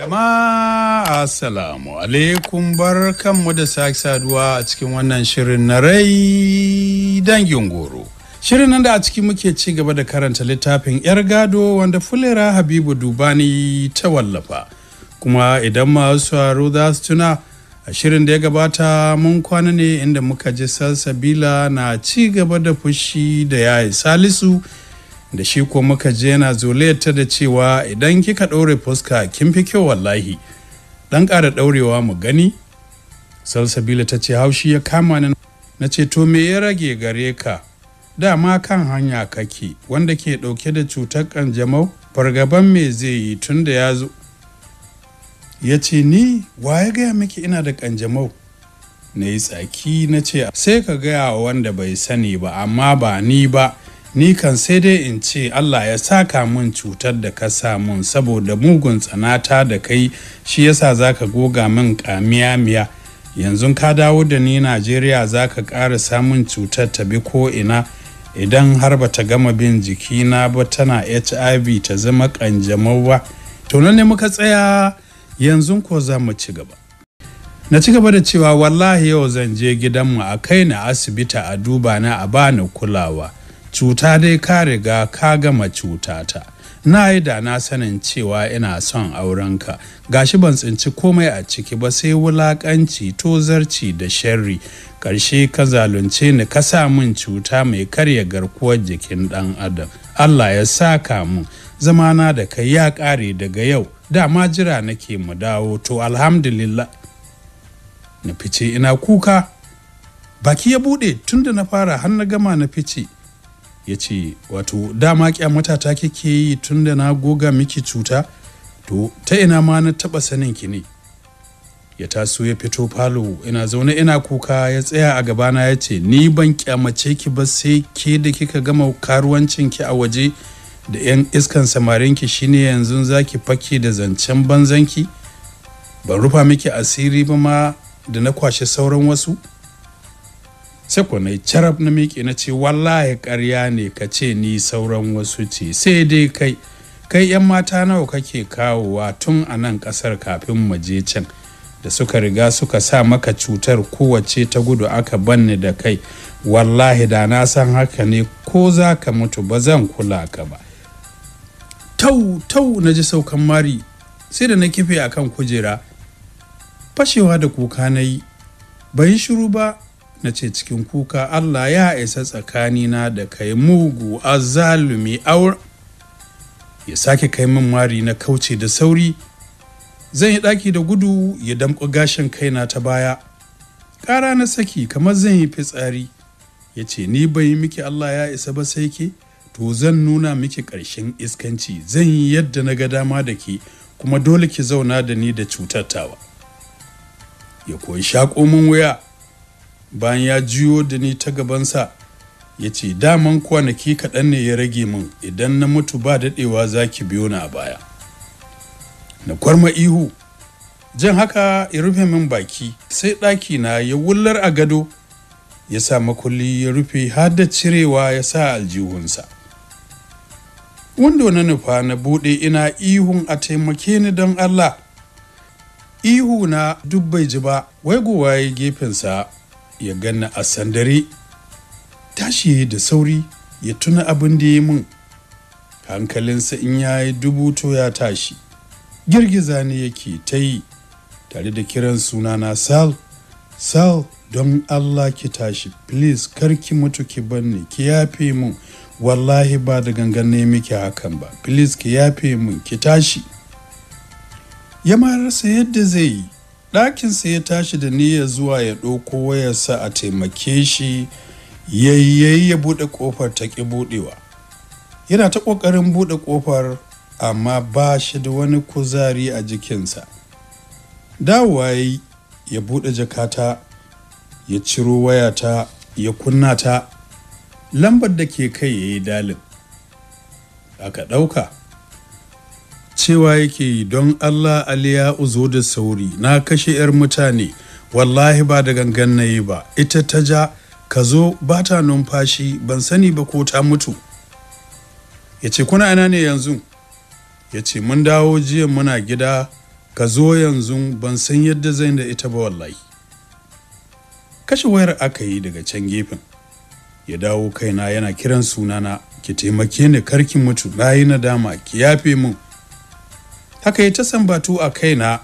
Jama'a asalamu alaikum bar kanmu da sake saduwa a cikin wannan shirin na rai dangin goro. Shirin nan da a ciki muke ci gaba da karanta littafin 'yar gado wanda fulera Habibu Dubani ta wallafa. Kuma idan masu haro za su tuna a shirin da ya gabata mun kwana ne inda muka ji sabila na ci gaba da fushi da yayi salisu. da shi ko muka je yana ta da cewa idan kika ɗaure fuska kin fi kyau wallahi ɗan ƙara ɗaurewa mu gani salsabila ta ce haushi ya kama ni na ce to me ya rage gare ka dama kan hanya kake wanda ke ɗauke da cutar ƙanjamau fargaban me zai yi tun da ya zo ya ce ni wa ya gaya miki ina da ƙanjamau na yi tsaki na ce sai ka gaya wanda bai sani ba amma ba ni ba ni kan sai dai in ce Allah ya saka mun cutar da ka sa mun saboda mugun tsanata da kai shi yasa zaka goga min kamiya miya yanzu ka dawo da ni Najeriya zaka ƙara samun cutar ta bi ko ina idan har ba ta gama bin na ba tana HIV ta zama kanjamau ba to nan ne muka tsaya yanzu ko za mu ci gaba na ci gaba da cewa wallahi yau zan je gidanmu a kai na asibiti a duba na a bani kulawa cuta dai ka riga ka gama cuta ta. na yi da na sanin cewa ina son aurenka gashi ban tsinci komai a ciki ba sai wulakanci zarci da sharri Karshe ka zalunce ni ka sa min cuta mai karya garkuwar jikin ɗan adam allah ya saka mun zamana da kai ya ƙare daga yau dama jira nake mu dawo to alhamdulillah na fice ina kuka baki ya buɗe tunda na fara har na gama na fice ya ce wato dama kyamata ta kike yi tun da na goga miki cuta to ta ina ma na taɓa sanin ki ne ya taso ya fito falo ina zaune ina kuka ya tsaya a gabana ya ce ni ban kyamace ki ba sai ke da kika gama karuwancin ki a waje da 'yan iskan samarin ki shine yanzu zaki fake da zancen banzanki ban rufa miki asiri ba ma da na kwashe sauran wasu sai ku na carab na miƙe na ce wallahi ƙarya ne ka ce ni sauran wasu ce sai dai kai kai yan mata nawa kake kawowa tun a nan ƙasar kafin mu je can da suka riga suka sa maka cutar kowace ta gudu aka banni da kai wallahi da na san haka ne ko za ka mutu ba zan kula ka ba tau tau na ji saukan mari sai da na kife akan kujera fashewa da kuka na yi ban shiru ba na ce cikin kuka Allah ya isa tsakanina da kai mugu azzalumi aur ya sake kai min mari na kauce da sauri zan yi ɗaki da gudu ya damƙo gashin kaina ta baya ƙara na saki kamar zan yi fitsari ya ce ni bai miki Allah ya isa ba sai ke to zan nuna miki ƙarshen iskanci zan yi yadda na ga dama da ke kuma dole ki zauna da ni da cutattawa. ya koyi shaƙo min wuya bayan ya juyo da ni ta gabansa ya ce daman kwanaki kaɗan ne ya rage min idan na mutu ba daɗewa za ki biyo na a baya na kwarma ihu jan haka ya rufe min baki sai ɗaki na ya wullar a gado ya sa makulli ya rufe har da cirewa ya sa aljihunsa wando na nufa na buɗe ina ihun a taimake ni don allah ihu na duk bai ji ba wai gowaye gefensa ya ganna a sandare tashi da sauri ya tuna abin da ya mun hankalinsa in ya yi dubuto ya tashi girgiza ne yake ta yi tare da kiran suna na, sal sal don allah ki tashi please karki mutu ki banni ki yafe mun wallahi ba da gangan ne miki hakan ba please ki yafe mun ki tashi ya ma rasa yadda zai yi ɗakinsa ya tashi da niyyar zuwa ya ɗauko wayarsa a taimake shi yayyayi ya buɗe ƙofar ta ƙi buɗewa yana ta ƙoƙarin buɗe ƙofar amma ba shi da wani kuzari a jikinsa dawowa ya buɗe jakata ya ciro wayata ya kunna ta lambar da ke kai ya yi dalin aka ɗauka cewa yake don Allah aliya uzo da sauri na kashe 'yar mutane wallahi ba da gangan na ba ita ta ja ka zo ba ta numfashi ban sani ba ko ta mutu ya ce kuna ana ne yanzu ya ce mun dawo jiya muna gida ka zo yanzu ban san yadda zai da ita ba wallahi kashe wayar aka yi daga can gefen ya dawo kaina yana kiran sunana ki taimake ni karki mutu na yi nadama ki yafe mun haka ya ta sambatu a kaina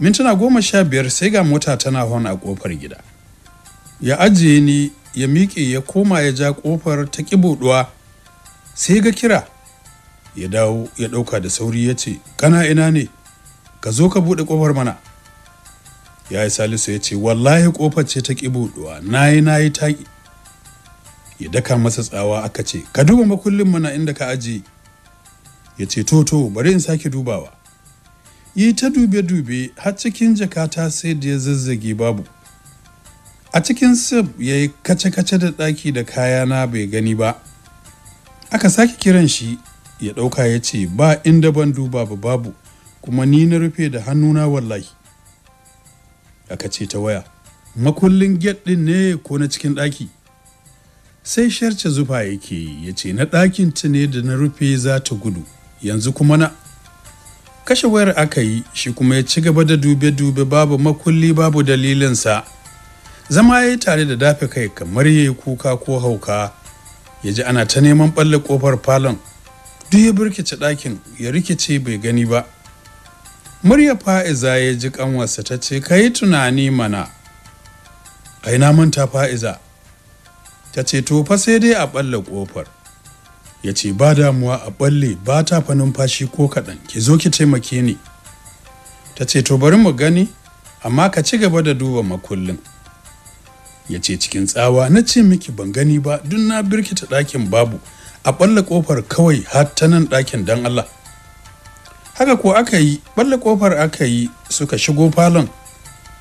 mintuna goma sha biyar sai ga mota tana hon a kofar gida ya ajiye ni ya miƙe ya koma ya ja kofar ta ƙibuɗuwa sai ga kira ya dawo ya ɗauka da sauri ya ce kana ina ne ka zo ka buɗe ƙofar mana ya yi salisu ya ce wallahi ƙofar ce ta ƙibuɗuwa na yi na yi taƙi ya daka masa tsawa aka ce ka duba makullin mana inda ka ajiye ya ce toto bari in sake dubawa yi ta dube-dube har cikin jakata sai da ya zazzage babu a cikin sif ya yi kace-kace da ɗaki da kayana bai gani ba aka sake kiran shi ya ɗauka ya ce ba inda ban duba ba babu kuma ni na rufe da hannuna wallahi aka ce ta waya makullin get ɗin ne ko na cikin ɗaki sai sharce zufa yake ya ce na ɗakin ta ne da na rufe za ta gudu yanzu kuma na kashe wayar aka yi shi kuma ya ci gaba da dube-dube babu makulli babu dalilinsa zama ya yi tare da dafe kai kamar ya yi kuka ko hauka ya ji ana ta neman ɓalle ƙofar falon duk ya birkice ɗakin ya rikice bai gani ba murya fa'iza ya ji ƙanwarsa ta ce ka yi tunani mana ai na manta fa'iza ta ce to fa sai dai a ɓalle ƙofar ya ce ba damuwa a balle ba ta fa numfashi ko kaɗan ki zo ki taimake ni ta ce to bari mu gani amma ka ci gaba da duba makullin ya ce cikin tsawa na ce miki ban gani ba duk na birkita ɗakin babu a ɓalla ƙofar kawai har ta nan ɗakin don Allah haka ko aka yi ɓalla ƙofar aka yi suka shigo falon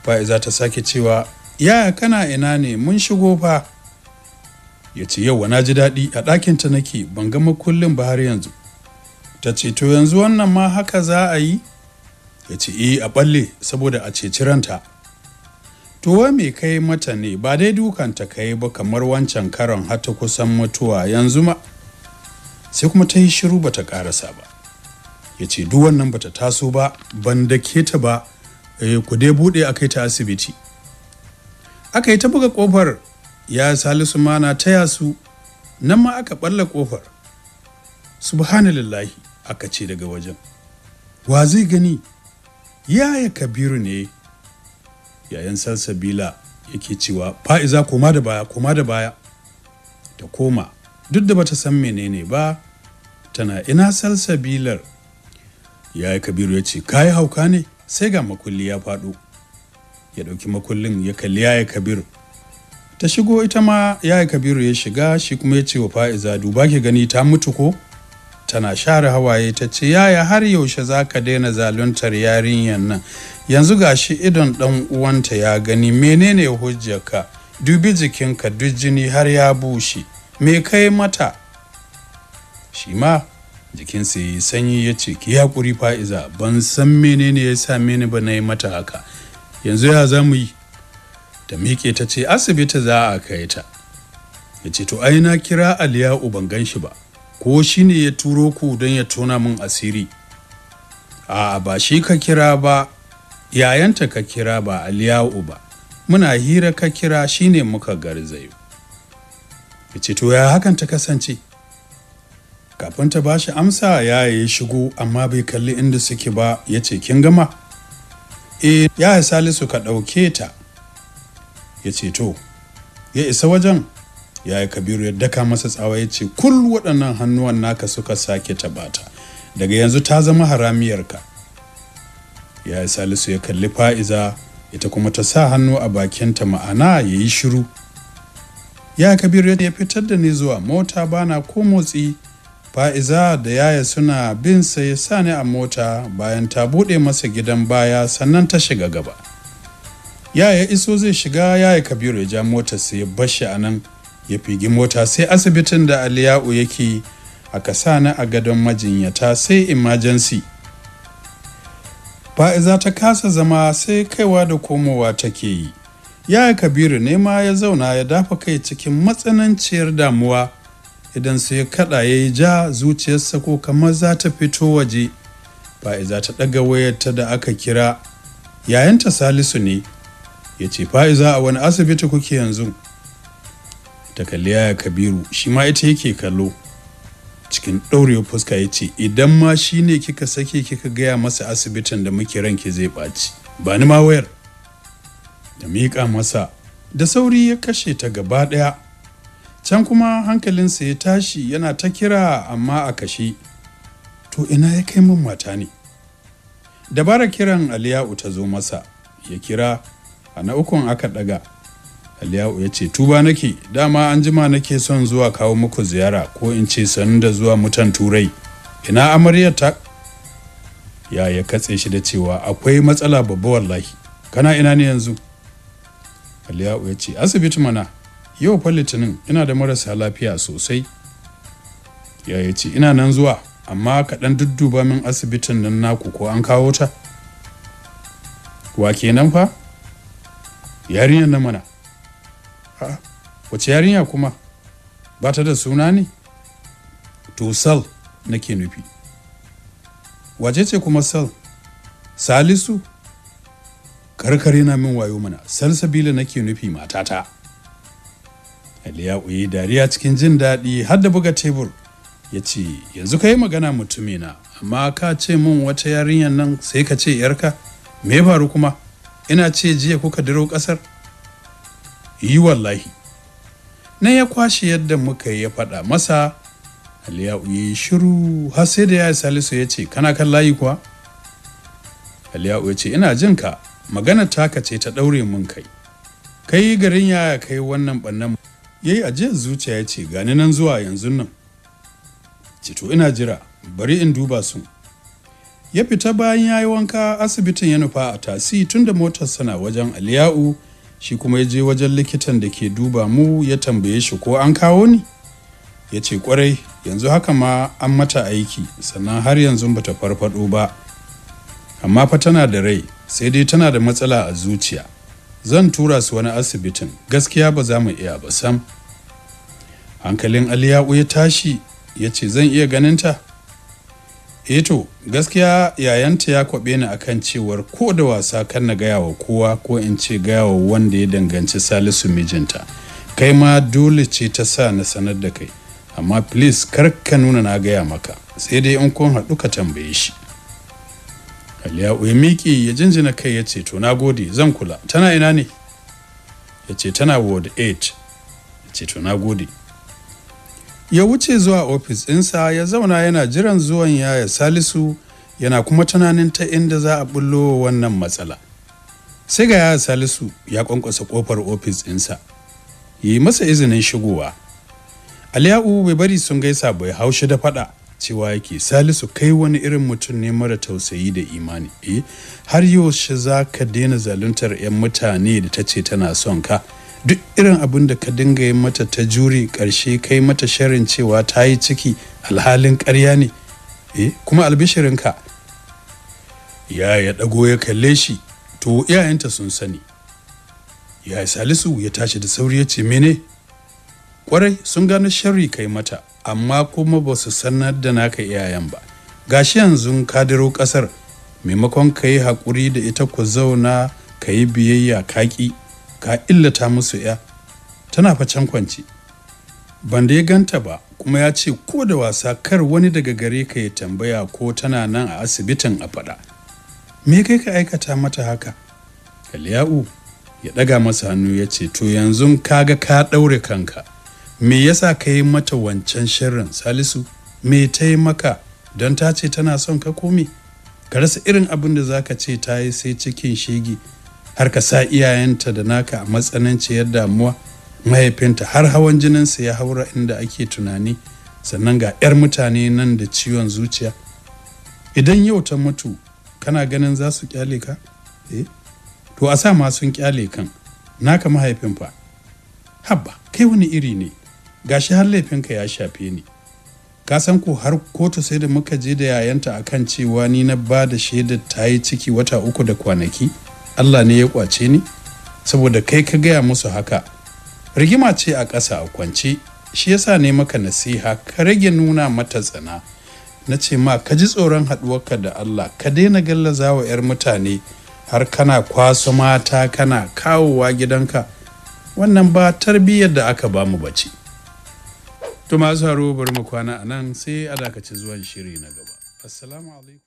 fa'iza ta sake cewa yaya kana ina ne mun shigo fa ya ce yau na ji daɗi a ɗakinta nake ban gama kullum ba har yanzu ta ce to yanzu wannan ma haka za a yi ya ce e, a ɓalle saboda a ceci ranta wa me kai mata ne ba dai dukanta kai ba kamar wancan karon har ta kusan mutuwa yanzu ma sai kuma ta yi shiru ba ta karasa ba ya ce duk wannan ta taso ba ban da ta ba eh, ku dai buɗe a kai ta asibiti aka yi ta buga ƙofar ya salisu mana na taya su nan ma aka ɓalla kofar. subhanallahi aka ce daga wajen wa zai gani Ya ya kabiru ne yayan salsabila yake cewa fa'iza koma da baya koma da baya ta koma duk da bata san menene ba tana ina salsabilar Ya ya kabiru ya ce kayi hauka ne sai ga makulli ya faɗo ya ɗauki makullin ya kalli ya kabiru ta shigo ita ma ya yi kabiru ya shiga shi kuma ya ce wa fa'iza duba ke gani ta mutu ko tana share hawaye ta ce yaya har yaushe za ka daina zaluntar yarinyar nan yanzu gashi idon dan uwanta ya gani menene hujjarka dubi jikinka duk jini har ya bushe me kai mata shi ma jikinsa ya yi sanyi ya ce ki hakuri fa'iza ban san menene ya sa mini ba na yi mata haka yanzu ya za yi ta miƙe ta ce asibiti za a kai ta ya ce to ai na kira aliyu ban gan shi ba ko shi ne ya turo ku don ya tona min asiri a ba shi ka kira ba yayanta ka kira ba aliyu ba muna hira ka kira shi ne muka garzayo ya ce to ya hakan ta kasance kafin ta shi amsa ya yi shigo amma bai kalli inda suke ba ya ce kin gama e ya salisu ka ɗauke ta ya ce to ya isa wajen ya yi kabiru ya daka masa tsawa ya ce kul waɗannan hannuwan naka suka sake tabata daga yanzu ta zama haramiyarka ya yi salisu ya kalli fa'iza ita kuma ta sa hannu a bakinta ma'ana ya yi shiru ya kabiru ya fitar da ni zuwa mota bana ko motsi fa'iza da yaya suna bin sa ya sa ni a mota bayan ta buɗe masa gidan baya sannan ta shiga gaba. ya ya iso zai shiga ya ya kabiru ya ja mota sai ya bashi a nan ya figi mota sai asibitin da aliyau yake a sa na a gadon majinyata sai Ba fa'iza ta kasa zama sai kaiwa da komowa take yi ya ya kabiru ne ma ya zauna ya dafa kai cikin matsananciyar damuwa idan sai ya kada ya yi ja zuciyarsa ko kamar za ta fito waje fa'iza ta ɗaga wayarta da aka kira yayanta salisu ne ya ce fa'iza a wani asibiti kuke yanzu ta kalli yaya kabiru shi ma ita yake kallo cikin ɗaure fuska ya ce idan ma shi ne kika sake kika gaya masa asibitin da muke ranke zai ɓaci ba ni ma wayar da miƙa masa da sauri ya kashe ta gaba ɗaya can kuma hankalinsa ya tashi yana ta kira amma a kashe to ina ya kai mun mata ne dabara kiran aliyu ta zo masa ya kira a na ukun aka daga aliyu ya ce tuba nake dama an jima nake son zuwa kawo muku ziyara ko in ce sanin da zuwa mutan turai ina amaryar ta ya ya katse shi da cewa akwai matsala babba wallahi kana ina ne yanzu aliyu ya ce asibiti mana yau fa litinin ina da marasa lafiya sosai ya ya ce ina nan zuwa amma kaɗan dudduba min asibitin nan naku ko an kawo ta wa kenan fa yarinyar na mana wace yarinya kuma ba ta da suna ne to sal nake nufi wace ce kuma sal salisu karkare na min wayo mana salsabila nake nufi matata aliyu yi dariya cikin jin daɗi har da buga tebur ya ce yanzu ka yi magana mutumina amma ka ce min wata yarinyar nan sai ka ce yarka me faru kuma ina ce jiya kuka diro ƙasar yi wallahi na ya kwashe yadda muka yi ya faɗa masa aliyu ya yi shiru har sai da ya yi salisu ya ce kana kan layi kuwa aliyu ya ce ina jin ka magana taka ce ta ɗaure mun kai kai garin yaya kai wannan ɓannan ya yi ajiyar zuciya ya ce gani nan zuwa yanzu nan ce to ina jira bari in duba su ya fita bayan ya yi wanka asibitin ya nufa a tasi tunda motar sana wajen aliya'u shi kuma ya je wajen likitan da ke duba mu ya tambaye shi ko an kawo ni ya ce kwarai yanzu haka ma an mata aiki sannan har yanzu ba ta farfado ba amma fa tana da rai sai dai tana da matsala a zuciya zan tura su wani asibitin gaskiya ba za mu iya ba sam hankalin aliyau ya tashi ya ce zan iya ganinta eto eh gaskiya yayanta ya kwabe ni akan cewar ko da wasa kan na gaya wa kowa ko in ce gaya wa wanda ya danganci salisu mijinta kai ma dole ce ta sa na sanar da kai amma please kar ka nuna na gaya maka sai dai in kun haɗu ka tambaye shi Aliya miki miƙe ya jinjina kai ya ce to nagode zan kula tana ina ne ya ce tana ward 8 ya ce to nagode ya wuce zuwa ofis ɗinsa ya zauna yana jiran zuwan yaya salisu yana kuma tunanin ta inda za a bullo wannan matsala sai ga yaya salisu ya ƙwanƙwasa ƙofar ofis ɗinsa yi masa izinin shigowa aliyu bai bari sun gaisa bai haushi da faɗa cewa yake salisu kai wani irin mutum ne mara tausayi da imani eh har yaushe za ka daina zaluntar 'yan mutane da ta ce tana son ka duk irin abin da ka dinga yi mata ta juri ƙarshe kai mata sharin cewa ta yi ciki alhalin karya ne eh kuma albishirinka ya ya ɗago ya kalle shi to iyayenta sun sani ya salisu ya tashi da sauri ya ce mene kwarai sun gano sharri kai mata amma kuma ba su sanar da naka iyayen ba gashi yanzu ka diro ƙasar maimakon ka yi haƙuri da ita ku zauna ka yi biyayya kaƙi ka illata musu ya tana facen kwance ban da ya ganta ba kuma ya ce ko da wasa kar wani daga gare ka ya tambaya ko tana nan a asibitin a faɗa me kai ka aikata mata haka Kaliya'u ya ɗaga masa hannu ya ce to yanzu kaga ka ɗaure kanka me yasa ka yi mata wancan shirin salisu me ta yi maka don ta ce tana son ka komi ka rasa irin abin da za ka ce ta yi sai cikin shege har ka sa iyayenta da naka a matsananciyar damuwa mahaifinta har hawan jininsa ya haura inda ake tunani sannan ga 'yar mutane nan da ciwon zuciya idan yau ta mutu kana ganin za su kyale ka eh to a sa ma sun kyale kan naka mahaifin fa habba kai wani iri ne gashi har laifinka ya shafe ni ka san ko har kotu sai da muka je da yayanta akan cewa ni na ba da shaidar ta yi ciki wata uku da kwanaki allah ne ya kwace ni saboda kai ka gaya musu haka rigima ce a ƙasa a kwance shi yasa ne maka nasiha ka rage nuna mata tsana na ce ma ka ji tsoron haɗuwarka da allah ka daina gallaza wa 'yar mutane har kana kwaso mata kana kawowa gidanka wannan ba tarbiyyar da aka bamu bace to masu haro bari mu kwana a nan sai a dakacin zuwan shiri na gaba assalamu alaikum